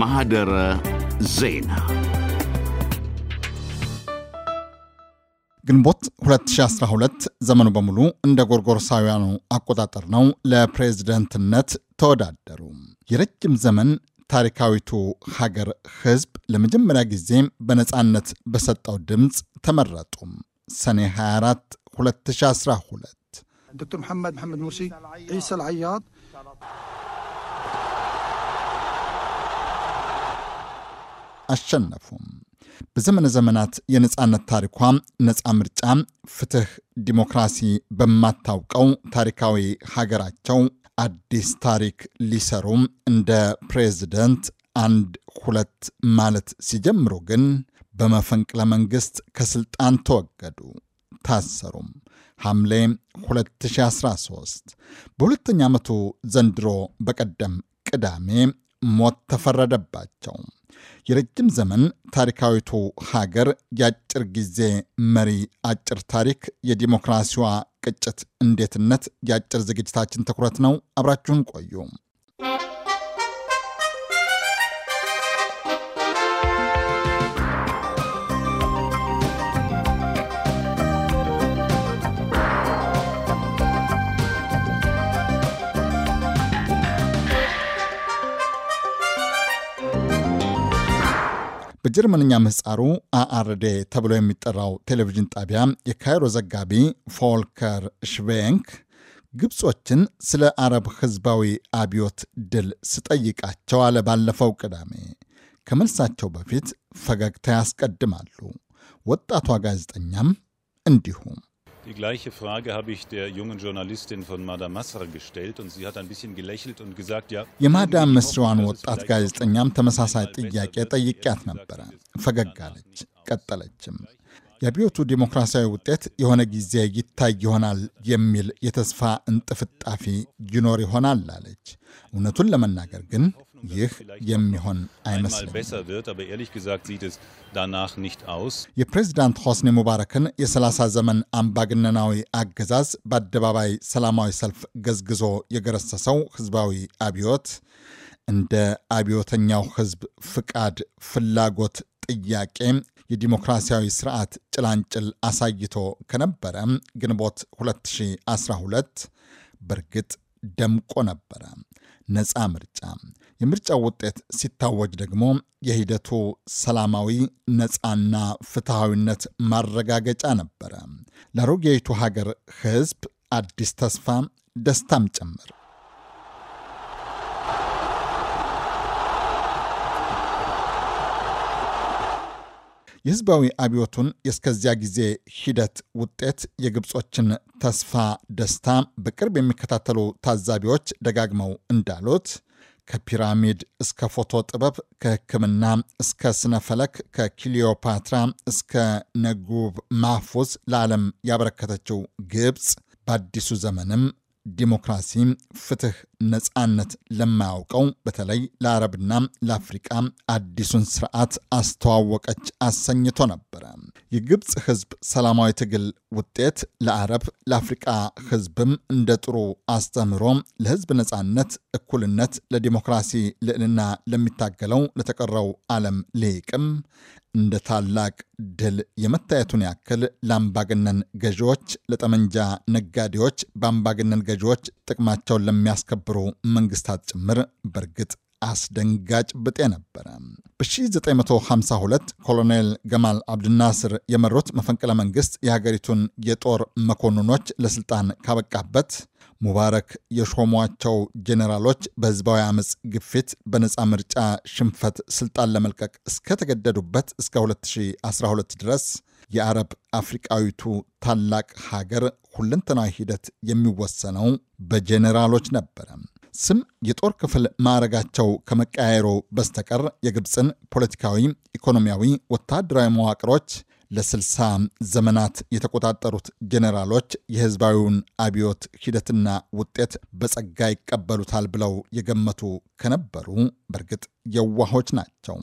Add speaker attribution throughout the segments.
Speaker 1: ማህደረ ዜና ግንቦት 2012 ዘመኑ በሙሉ እንደ ጎርጎርሳውያኑ አቆጣጠር ነው። ለፕሬዝደንትነት ተወዳደሩ። የረጅም ዘመን ታሪካዊቱ ሀገር ህዝብ ለመጀመሪያ ጊዜ በነፃነት በሰጠው ድምፅ ተመረጡ። ሰኔ 24 2012 دكتور محمد محمد مرسي عيسى العياض አሸነፉም። በዘመነ ዘመናት የነፃነት ታሪኳ ነፃ ምርጫ፣ ፍትህ፣ ዲሞክራሲ በማታውቀው ታሪካዊ ሀገራቸው አዲስ ታሪክ ሊሰሩ እንደ ፕሬዚደንት አንድ ሁለት ማለት ሲጀምሩ ግን በመፈንቅለ መንግሥት ከስልጣን ተወገዱ። ታሰሩም። ሐምሌ 2013 በሁለተኛ ዓመቱ ዘንድሮ በቀደም ቅዳሜ ሞት ተፈረደባቸው። የረጅም ዘመን ታሪካዊቱ ሀገር የአጭር ጊዜ መሪ አጭር ታሪክ የዲሞክራሲዋ ቅጭት እንዴትነት የአጭር ዝግጅታችን ትኩረት ነው። አብራችሁን ቆዩ። በጀርመንኛ ምህጻሩ አአርዴ ተብሎ የሚጠራው ቴሌቪዥን ጣቢያ የካይሮ ዘጋቢ ፎልከር ሽቬንክ ግብጾችን ስለ አረብ ህዝባዊ አብዮት ድል ስጠይቃቸው አለ ባለፈው ቅዳሜ። ከመልሳቸው በፊት ፈገግታ ያስቀድማሉ። ወጣቷ ጋዜጠኛም እንዲሁም Die gleiche Frage habe ich der jungen Journalistin von Madame Masra gestellt und sie hat ein bisschen gelächelt und gesagt, ja. የማዳም ምስዋን ወጣት ጋዜጠኛም ተመሳሳይ ጥያቄ ጠይቄያት ነበረ። ፈገግ አለች፣ ቀጠለችም። የአብዮቱ ዲሞክራሲያዊ ውጤት የሆነ ጊዜ ይታይ ይሆናል የሚል የተስፋ እንጥፍጣፊ ይኖር ይሆናል አለች። እውነቱን ለመናገር ግን ይህ የሚሆን አይመስልም። የፕሬዚዳንት ሆስኒ ሙባረክን የ30 ዘመን አምባገነናዊ አገዛዝ በአደባባይ ሰላማዊ ሰልፍ ገዝግዞ የገረሰሰው ህዝባዊ አብዮት እንደ አብዮተኛው ህዝብ ፍቃድ፣ ፍላጎት፣ ጥያቄ የዲሞክራሲያዊ ስርዓት ጭላንጭል አሳይቶ ከነበረ ግንቦት 2012 በእርግጥ ደምቆ ነበረ። ነፃ ምርጫ፣ የምርጫው ውጤት ሲታወጅ ደግሞ የሂደቱ ሰላማዊ ነፃና ፍትሐዊነት ማረጋገጫ ነበረ። ለአሮጌይቱ ሀገር ህዝብ አዲስ ተስፋ፣ ደስታም ጭምር የህዝባዊ አብዮቱን የእስከዚያ ጊዜ ሂደት ውጤት፣ የግብጾችን ተስፋ ደስታ በቅርብ የሚከታተሉ ታዛቢዎች ደጋግመው እንዳሉት ከፒራሚድ እስከ ፎቶ ጥበብ፣ ከህክምና እስከ ስነ ፈለክ፣ ከክሊዮፓትራ እስከ ነጉብ ማፉዝ ለዓለም ያበረከተችው ግብፅ በአዲሱ ዘመንም ዲሞክራሲ፣ ፍትህ፣ ነፃነት ለማያውቀው በተለይ ለአረብና ለአፍሪቃ አዲሱን ስርዓት አስተዋወቀች አሰኝቶ ነበረ። የግብፅ ህዝብ ሰላማዊ ትግል ውጤት ለአረብ ለአፍሪቃ ህዝብም እንደ ጥሩ አስተምህሮ ለህዝብ ነፃነት፣ እኩልነት፣ ለዲሞክራሲ ልዕልና ለሚታገለው ለተቀረው ዓለም ልሂቅም እንደ ታላቅ ድል የመታየቱን ያክል ለአምባገነን ገዢዎች፣ ለጠመንጃ ነጋዴዎች፣ በአምባገነን ገዢዎች ጥቅማቸውን ለሚያስከብሩ መንግስታት ጭምር በእርግጥ አስደንጋጭ ብጤ ነበረ። በ1952 ኮሎኔል ገማል አብድናስር የመሩት መፈንቅለ መንግስት የሀገሪቱን የጦር መኮንኖች ለስልጣን ካበቃበት ሙባረክ የሾሟቸው ጄኔራሎች በህዝባዊ አመፅ ግፊት በነፃ ምርጫ ሽንፈት ስልጣን ለመልቀቅ እስከተገደዱበት እስከ 2012 ድረስ የአረብ አፍሪቃዊቱ ታላቅ ሀገር ሁለንተናዊ ሂደት የሚወሰነው በጄኔራሎች ነበረ። ስም የጦር ክፍል ማዕረጋቸው ከመቀያየሩ በስተቀር የግብፅን ፖለቲካዊ፣ ኢኮኖሚያዊ፣ ወታደራዊ መዋቅሮች ለ60 ዘመናት የተቆጣጠሩት ጄኔራሎች የህዝባዊውን አብዮት ሂደትና ውጤት በጸጋ ይቀበሉታል ብለው የገመቱ ከነበሩ በእርግጥ የዋሆች ናቸው።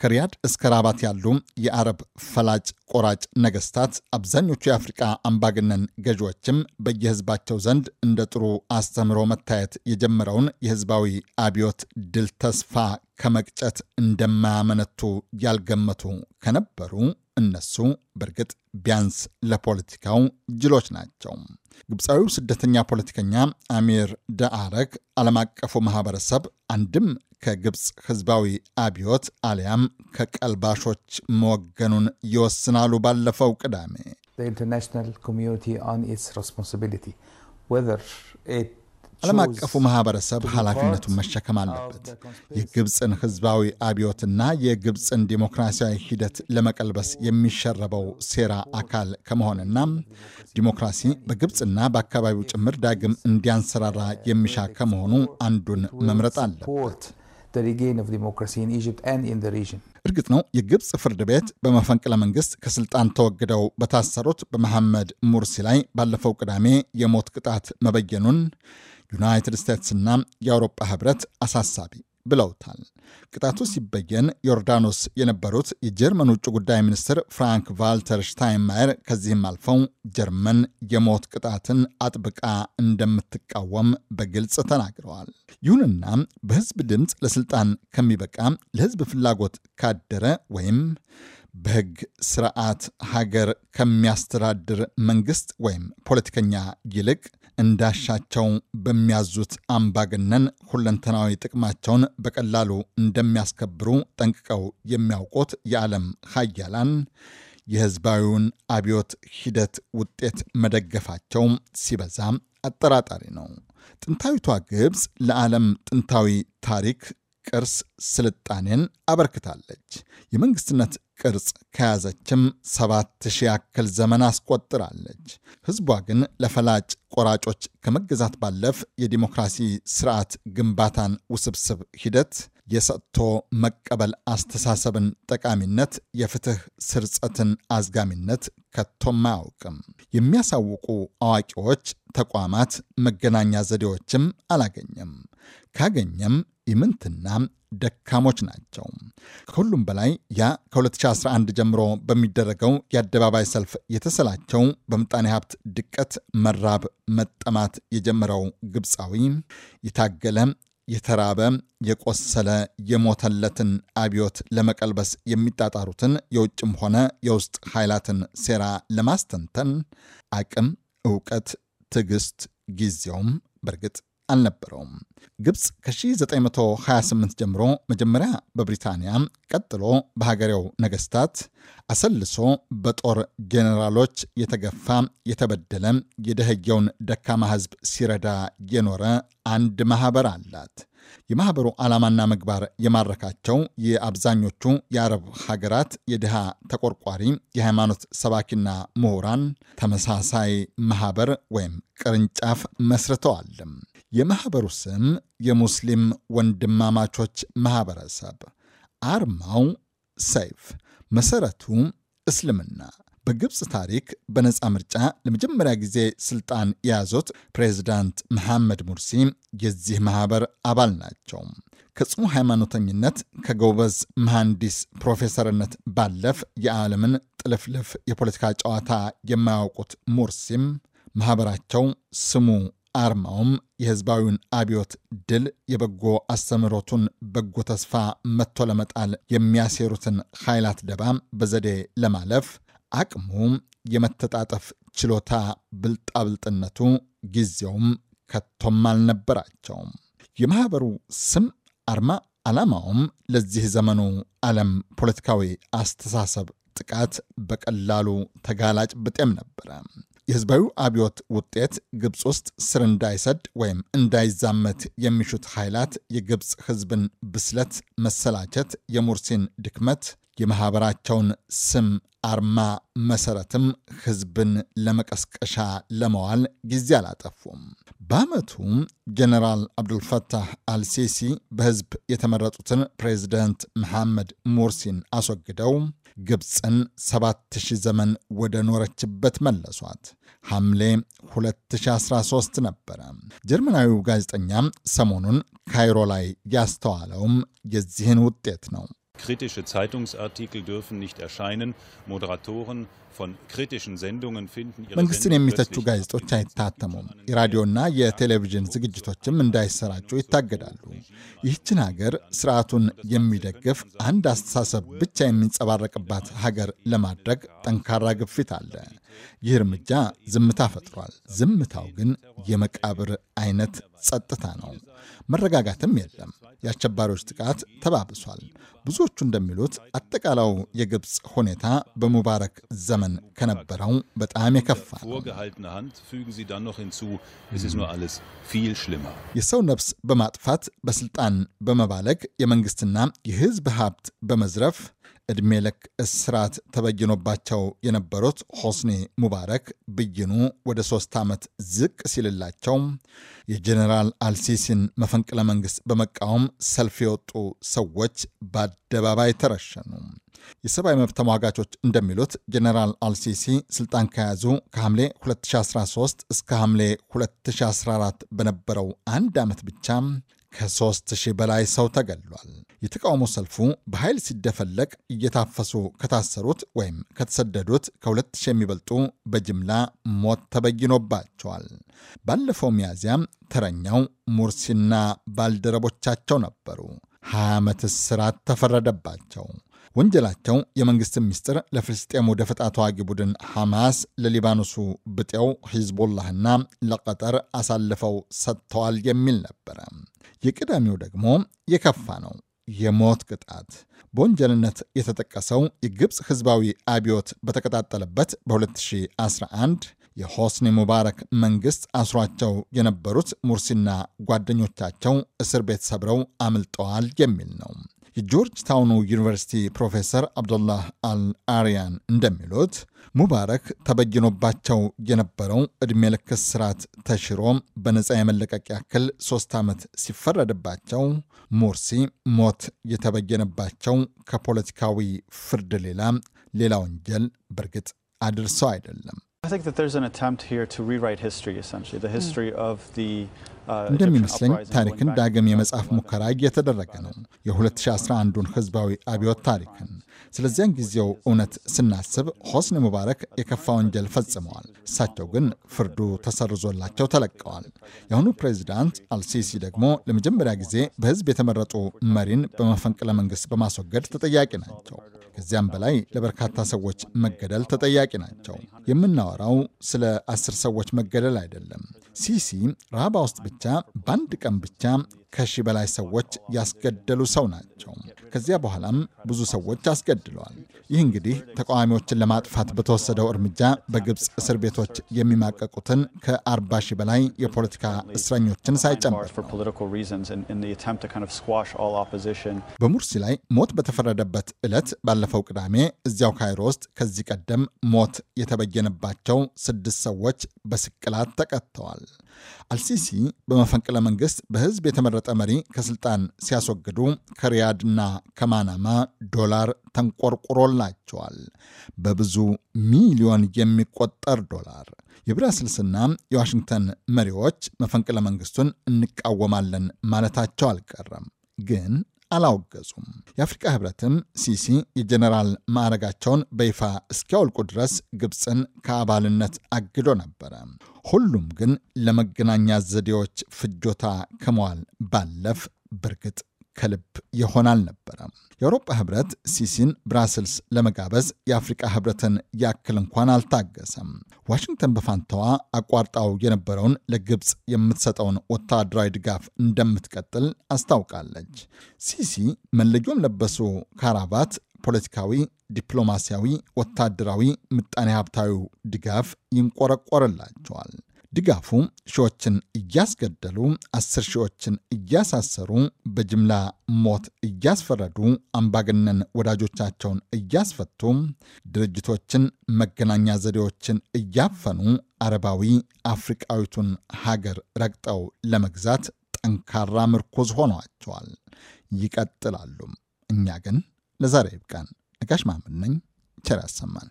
Speaker 1: ከሪያድ እስከ ራባት ያሉ የአረብ ፈላጭ ቆራጭ ነገስታት፣ አብዛኞቹ የአፍሪቃ አምባገነን ገዢዎችም በየህዝባቸው ዘንድ እንደ ጥሩ አስተምሮ መታየት የጀመረውን የህዝባዊ አብዮት ድል ተስፋ ከመቅጨት እንደማያመነቱ ያልገመቱ ከነበሩ እነሱ በእርግጥ ቢያንስ ለፖለቲካው ጅሎች ናቸው። ግብፃዊው ስደተኛ ፖለቲከኛ አሚር ደአረግ ዓለም አቀፉ ማህበረሰብ አንድም ከግብፅ ህዝባዊ አብዮት አሊያም ከቀልባሾች መወገኑን ይወስናሉ። ባለፈው ቅዳሜ ዓለም አቀፉ ማህበረሰብ ኃላፊነቱን መሸከም አለበት። የግብፅን ህዝባዊ አብዮትና የግብፅን ዲሞክራሲያዊ ሂደት ለመቀልበስ የሚሸረበው ሴራ አካል ከመሆንና ዲሞክራሲ በግብፅና በአካባቢው ጭምር ዳግም እንዲያንሰራራ የሚሻ ከመሆኑ አንዱን መምረጥ አለበት። እርግጥ ነው የግብፅ ፍርድ ቤት በመፈንቅለ መንግስት ከስልጣን ተወግደው በታሰሩት በመሐመድ ሙርሲ ላይ ባለፈው ቅዳሜ የሞት ቅጣት መበየኑን ዩናይትድ ስቴትስና የአውሮፓ ህብረት አሳሳቢ ብለውታል። ቅጣቱ ሲበየን ዮርዳኖስ የነበሩት የጀርመን ውጭ ጉዳይ ሚኒስትር ፍራንክ ቫልተር ሽታይንማየር ከዚህም አልፈው ጀርመን የሞት ቅጣትን አጥብቃ እንደምትቃወም በግልጽ ተናግረዋል። ይሁንና በሕዝብ ድምፅ ለስልጣን ከሚበቃ ለሕዝብ ፍላጎት ካደረ ወይም በሕግ ስርዓት ሀገር ከሚያስተዳድር መንግስት ወይም ፖለቲከኛ ይልቅ እንዳሻቸው በሚያዙት አምባገነን ሁለንተናዊ ጥቅማቸውን በቀላሉ እንደሚያስከብሩ ጠንቅቀው የሚያውቁት የዓለም ሀያላን የህዝባዊውን አብዮት ሂደት ውጤት መደገፋቸው ሲበዛ አጠራጣሪ ነው። ጥንታዊቷ ግብፅ ለዓለም ጥንታዊ ታሪክ ቅርስ ስልጣኔን አበርክታለች። የመንግስትነት ቅርጽ ከያዘችም ሰባት ሺህ ያክል ዘመን አስቆጥራለች። ህዝቧ ግን ለፈላጭ ቆራጮች ከመገዛት ባለፍ የዲሞክራሲ ስርዓት ግንባታን ውስብስብ ሂደት፣ የሰጥቶ መቀበል አስተሳሰብን ጠቃሚነት፣ የፍትህ ስርጸትን አዝጋሚነት ከቶም አያውቅም። የሚያሳውቁ አዋቂዎች፣ ተቋማት፣ መገናኛ ዘዴዎችም አላገኘም። ካገኘም ኢምንትና ደካሞች ናቸው። ከሁሉም በላይ ያ ከ2011 ጀምሮ በሚደረገው የአደባባይ ሰልፍ የተሰላቸው በምጣኔ ሀብት ድቀት፣ መራብ፣ መጠማት የጀመረው ግብፃዊ የታገለ የተራበ የቆሰለ የሞተለትን አብዮት ለመቀልበስ የሚጣጣሩትን የውጭም ሆነ የውስጥ ኃይላትን ሴራ ለማስተንተን አቅም፣ እውቀት፣ ትዕግስት ጊዜውም በእርግጥ አልነበረውም። ግብፅ ከ1928 ጀምሮ መጀመሪያ በብሪታንያ ቀጥሎ በሀገሬው ነገስታት አሰልሶ በጦር ጄኔራሎች የተገፋ የተበደለ የደህየውን ደካማ ህዝብ ሲረዳ የኖረ አንድ ማኅበር አላት። የማኅበሩ ዓላማና ምግባር የማረካቸው የአብዛኞቹ የአረብ ሀገራት የድሃ ተቆርቋሪ የሃይማኖት ሰባኪና ምሁራን ተመሳሳይ ማኅበር ወይም ቅርንጫፍ መስርተዋልም። የማኅበሩ ስም የሙስሊም ወንድማማቾች ማኅበረሰብ፣ አርማው ሰይፍ፣ መሠረቱ እስልምና። በግብፅ ታሪክ በነፃ ምርጫ ለመጀመሪያ ጊዜ ስልጣን የያዙት ፕሬዚዳንት መሐመድ ሙርሲ የዚህ ማኅበር አባል ናቸው። ከጽኑ ሃይማኖተኝነት ከጎበዝ መሐንዲስ ፕሮፌሰርነት ባለፍ የዓለምን ጥልፍልፍ የፖለቲካ ጨዋታ የማያውቁት ሙርሲም ማኅበራቸው ስሙ አርማውም የህዝባዊውን አብዮት ድል የበጎ አስተምሮቱን በጎ ተስፋ መጥቶ ለመጣል የሚያሴሩትን ኃይላት ደባ በዘዴ ለማለፍ አቅሙ፣ የመተጣጠፍ ችሎታ ብልጣብልጥነቱ፣ ጊዜውም ከቶም አልነበራቸውም። የማኅበሩ ስም፣ አርማ፣ ዓላማውም ለዚህ ዘመኑ ዓለም ፖለቲካዊ አስተሳሰብ ጥቃት በቀላሉ ተጋላጭ ብጤም ነበረ። የህዝባዊ አብዮት ውጤት ግብፅ ውስጥ ስር እንዳይሰድ ወይም እንዳይዛመት የሚሹት ኃይላት የግብፅ ህዝብን ብስለት፣ መሰላቸት፣ የሙርሲን ድክመት፣ የማኅበራቸውን ስም አርማ መሰረትም ህዝብን ለመቀስቀሻ ለመዋል ጊዜ አላጠፉም። በአመቱ ጀነራል አብዱልፈታህ አልሲሲ በህዝብ የተመረጡትን ፕሬዚደንት መሐመድ ሙርሲን አስወግደው ግብፅን 7000 ዘመን ወደ ኖረችበት መለሷት። ሐምሌ 2013 ነበረ። ጀርመናዊው ጋዜጠኛ ሰሞኑን ካይሮ ላይ ያስተዋለውም የዚህን ውጤት ነው። Kritische Zeitungsartikel dürfen nicht erscheinen. Moderatoren መንግስትን የሚተቹ ጋዜጦች አይታተሙም። የራዲዮና የቴሌቪዥን ዝግጅቶችም እንዳይሰራጩ ይታገዳሉ። ይህችን ሀገር ስርዓቱን የሚደግፍ አንድ አስተሳሰብ ብቻ የሚንጸባረቅባት ሀገር ለማድረግ ጠንካራ ግፊት አለ። ይህ እርምጃ ዝምታ ፈጥሯል። ዝምታው ግን የመቃብር አይነት ጸጥታ ነው። መረጋጋትም የለም። የአሸባሪዎች ጥቃት ተባብሷል። ብዙዎቹ እንደሚሉት አጠቃላዩ የግብፅ ሁኔታ በሙባረክ ዘመን ዘመን ከነበረው በጣም የከፋ ነው። የሰው ነፍስ በማጥፋት በስልጣን በመባለግ የመንግስትና የህዝብ ሀብት በመዝረፍ ዕድሜ ልክ እስራት ተበይኖባቸው የነበሩት ሆስኒ ሙባረክ ብይኑ ወደ ሶስት ዓመት ዝቅ ሲልላቸው የጀኔራል አልሲሲን መፈንቅለ መንግሥት በመቃወም ሰልፍ የወጡ ሰዎች በአደባባይ ተረሸኑ። የሰብአዊ መብት ተሟጋቾች እንደሚሉት ጀኔራል አልሲሲ ስልጣን ከያዙ ከሐምሌ 2013 እስከ ሐምሌ 2014 በነበረው አንድ ዓመት ብቻ ከሦስት ሺህ በላይ ሰው ተገሏል። የተቃውሞ ሰልፉ በኃይል ሲደፈለቅ እየታፈሱ ከታሰሩት ወይም ከተሰደዱት ከ2000 የሚበልጡ በጅምላ ሞት ተበይኖባቸዋል። ባለፈው ሚያዝያም ተረኛው ሙርሲና ባልደረቦቻቸው ነበሩ። 20 ዓመት እስራት ተፈረደባቸው። ወንጀላቸው የመንግስትን ምስጢር ለፍልስጤሙ ደፈጣ ተዋጊ ቡድን ሐማስ፣ ለሊባኖሱ ብጤው ሂዝቦላህና ለቀጠር አሳልፈው ሰጥተዋል የሚል ነበረ። የቅዳሜው ደግሞ የከፋ ነው። የሞት ቅጣት በወንጀልነት የተጠቀሰው የግብፅ ህዝባዊ አብዮት በተቀጣጠለበት በ2011 የሆስኒ ሙባረክ መንግስት አስሯቸው የነበሩት ሙርሲና ጓደኞቻቸው እስር ቤት ሰብረው አምልጠዋል የሚል ነው። የጆርጅ ታውኑ ዩኒቨርሲቲ ፕሮፌሰር አብዶላህ አልአርያን እንደሚሉት ሙባረክ ተበይኖባቸው የነበረው ዕድሜ ልክ እስራት ተሽሮ በነፃ የመለቀቅ ያክል ሶስት ዓመት ሲፈረድባቸው፣ ሙርሲ ሞት የተበየነባቸው ከፖለቲካዊ ፍርድ ሌላ ሌላ ወንጀል በእርግጥ አድርሰው አይደለም። Hmm. Uh, እንደሚመስለኝ ታሪክን ዳግም የመጽሐፍ ሙከራ እየተደረገ ነው፣ የ2011ን ህዝባዊ አብዮት ታሪክን። ስለዚያን ጊዜው እውነት ስናስብ ሆስኒ ሙባረክ የከፋ ወንጀል ፈጽመዋል። እሳቸው ግን ፍርዱ ተሰርዞላቸው ተለቀዋል። የአሁኑ ፕሬዚዳንት አልሲሲ ደግሞ ለመጀመሪያ ጊዜ በህዝብ የተመረጡ መሪን በመፈንቅለ መንግስት በማስወገድ ተጠያቂ ናቸው። ከዚያም በላይ ለበርካታ ሰዎች መገደል ተጠያቂ ናቸው። የምናወራው ስለ አስር ሰዎች መገደል አይደለም። ሲሲ ራባ ውስጥ ብቻ በአንድ ቀን ብቻ ከሺህ በላይ ሰዎች ያስገደሉ ሰው ናቸው። ከዚያ በኋላም ብዙ ሰዎች አስገድለዋል። ይህ እንግዲህ ተቃዋሚዎችን ለማጥፋት በተወሰደው እርምጃ በግብፅ እስር ቤቶች የሚማቀቁትን ከ40 ሺህ በላይ የፖለቲካ እስረኞችን ሳይጨምር በሙርሲ ላይ ሞት በተፈረደበት ዕለት ባለፈው ቅዳሜ እዚያው ካይሮ ውስጥ ከዚህ ቀደም ሞት የተበየነባቸው ስድስት ሰዎች በስቅላት ተቀጥተዋል። አልሲሲ በመፈንቅለ መንግስት በህዝብ የተመረጠ መሪ ከስልጣን ሲያስወግዱ ከሪያድና ከማናማ ዶላር ተንቆርቁሮላቸዋል። በብዙ ሚሊዮን የሚቆጠር ዶላር። የብራስልስና የዋሽንግተን መሪዎች መፈንቅለ መንግስቱን እንቃወማለን ማለታቸው አልቀረም ግን አላወገዙም። የአፍሪቃ ህብረትም ሲሲ የጀኔራል ማዕረጋቸውን በይፋ እስኪያወልቁ ድረስ ግብፅን ከአባልነት አግዶ ነበረ። ሁሉም ግን ለመገናኛ ዘዴዎች ፍጆታ ከመዋል ባለፍ በእርግጥ ከልብ የሆነ አልነበረም። የአውሮጳ ህብረት ሲሲን ብራስልስ ለመጋበዝ የአፍሪቃ ህብረትን ያክል እንኳን አልታገሰም። ዋሽንግተን በፋንታዋ አቋርጣው የነበረውን ለግብፅ የምትሰጠውን ወታደራዊ ድጋፍ እንደምትቀጥል አስታውቃለች። ሲሲ መለዮም ለበሱ ካራባት ፖለቲካዊ፣ ዲፕሎማሲያዊ፣ ወታደራዊ፣ ምጣኔ ሀብታዊ ድጋፍ ይንቆረቆርላቸዋል። ድጋፉ ሺዎችን እያስገደሉ አስር ሺዎችን እያሳሰሩ በጅምላ ሞት እያስፈረዱ አምባገነን ወዳጆቻቸውን እያስፈቱ ድርጅቶችን፣ መገናኛ ዘዴዎችን እያፈኑ አረባዊ አፍሪቃዊቱን ሀገር ረግጠው ለመግዛት ጠንካራ ምርኩዝ ሆኗቸዋል። ይቀጥላሉ። እኛ ግን ለዛሬ ይብቃን። ነጋሽ መሐመድ ነኝ። ቸር ያሰማን።